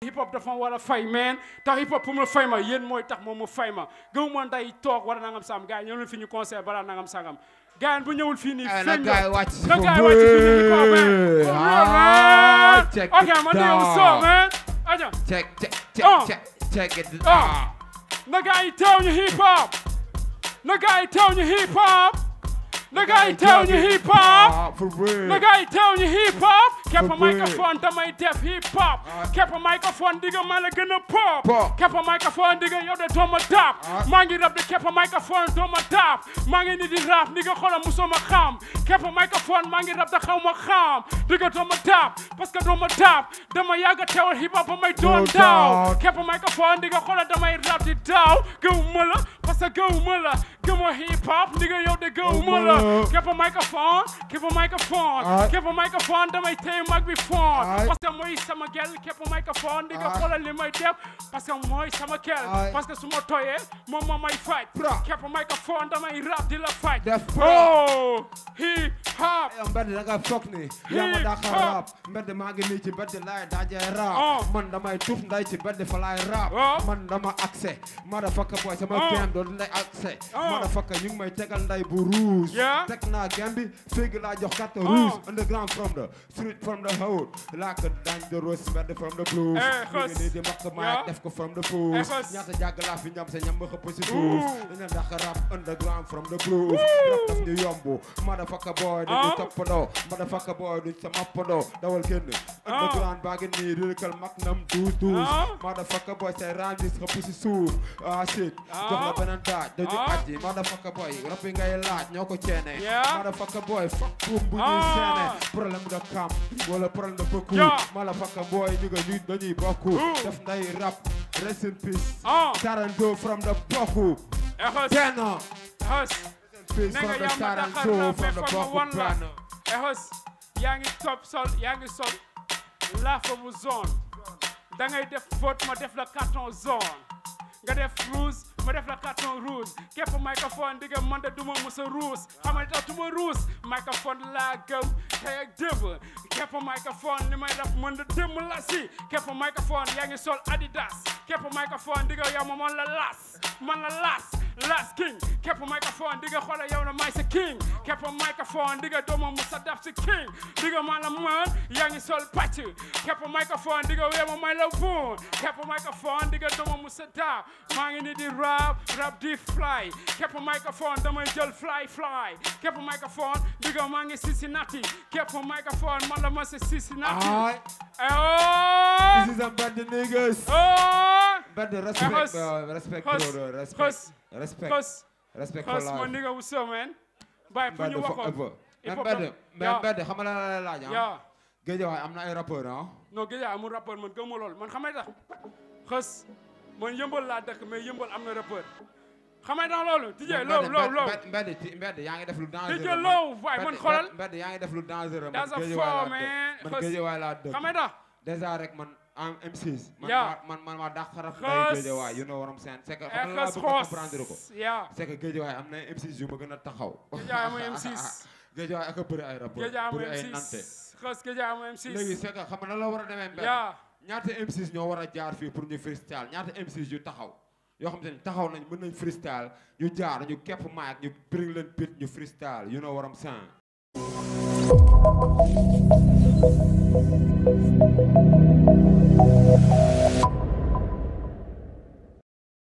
hip hop dafa war a fay man tax hip hop pour mu ma yéen mooy tax moom mu ma gëw ma nday toog war a nangam saam gars yi ñëw leen fi ñu conseil bara nangam sangam gars yi bu ñëwul check check check oh. check it oh. na gars yi teew ñu hip hop no guy telling you hip hop. No guy telling you hip hop. For real. No guy telling you hip hop. Kept a microphone to my deaf hip hop. Kept a microphone digga man gonna pop. Kept a microphone digga yo the drum a top. Mangi rap, the kept a microphone drum a top. Mangi ni di rap nigga kola musoma kham. Kept a microphone mangi up the khama kham. Digga dumb top. Paska a top. Dama yaga tell hip hop on my dumb down. Kept a microphone digga kola dama rap it down. Go mulla. parce que gëwuma la gëmoo hip hop ndigga yow de gëwuma oh, la képp a microphone képp a microphone képp a microphone damay mag bi foon parce mooy sama gel képp a microphone ndigga xoolal li may def parce que mooy sama gel parce su ma tooyee moom ma may fight képp a microphone damay rap di la fight oh hip hop eh, mbedd da nga foog ni yaa ma daa xar rap mbedd maa ngi nii ci mbedd laay daajee rap oh. man damay tuuf nday ci mbedd fa laay rap oh. man dama accès motherfucker boy sama oh. game doon nday accès motherfucker ñu ngi may bu rouge teg naa game bi féegi laa jox carte rouge underground from the street from de mbedd from eh, ko from the foos eh, ñaata jàgg laa fi ñam boy ko toppandoo motherfucker boy duñ sa mappandoo dawal génn underground baa ngi nii ririkal mag nam duus duus motherfucker boy say raam gis xëpp si suuf ah shit jox beneen daaj dañu aji motherfucker boy rap yi ngay laaj bu ñuy seene problème de kam wala problème de fëkku motherfucker boy ñu nga ñu dañuy bokku def nday rap rest in peace Tarando from the Boku Echoes face from the side and toe from the buckle plan. Hey, hus, yaa top sol yaa ngi sol laafa bu zone da ngay def foot, ma def la carton zone nga def rouge ma def la carton rouge képp microphone digga man de dumo ma mës a ruus xam nga tax du microphone laa gëm tey ak démb képp microphone li may def mën de démb Keep si microphone yaa ngi sol Adidas képp microphone digga yow ma la las man la las last king képp microphone Digga, nga xoole yow na may sa king képp microphone Digga, nga doomam mu sa daf king Digga, nga young la mën yaa ngi sol microphone Digga, nga wee ma may la buun microphone Digga, nga doomam mu sa daf maa ni di rap rap di fly képp microphone damay jël fly fly képp microphone Digga, nga maa ngi Cincinnati képp microphone man la ma sa Cincinnati. This is a bad niggas. badde respect respect bro respect respect respect ko la mo nigga wusso man bay fu ñu waxo man badde man badde xam la la laaj ah géejawaay am na ay rappeur ah non géejawaay amul rappeur man gëmuma lool man xamay tax xës man yëmbal laa dëkk mais yëmbal am na rappeur xamay tax loolu tijjee loolu loolu loolu mbedd mbedd yaa ngi def lu dangereux tijjee loolu waaye man xoolal mbedd yaa ngi def lu dangereux man géejawaay laa dëkk man géejawaay laa dëkk xamay tax déjà rek man am M6. man ma dàq rap day géejewaay you know what I'm saying. c'est que xam nga comprendre ko. yaa c'est am na M6 yu ma gën a taxaw. géejewaay mooy m ak a bëri ay rapport bëri ay nante. xës géejewaay mooy M6. xam nga la war a demee mbir. yaa ñaata m ñoo war a jaar fii pour ñu freestyle ñaata M6 yu taxaw. yoo xam te taxaw nañ mën nañ freestyle ñu jaar ñu képp mic ñu bring leen beat ñu freestyle you know what I'm saying.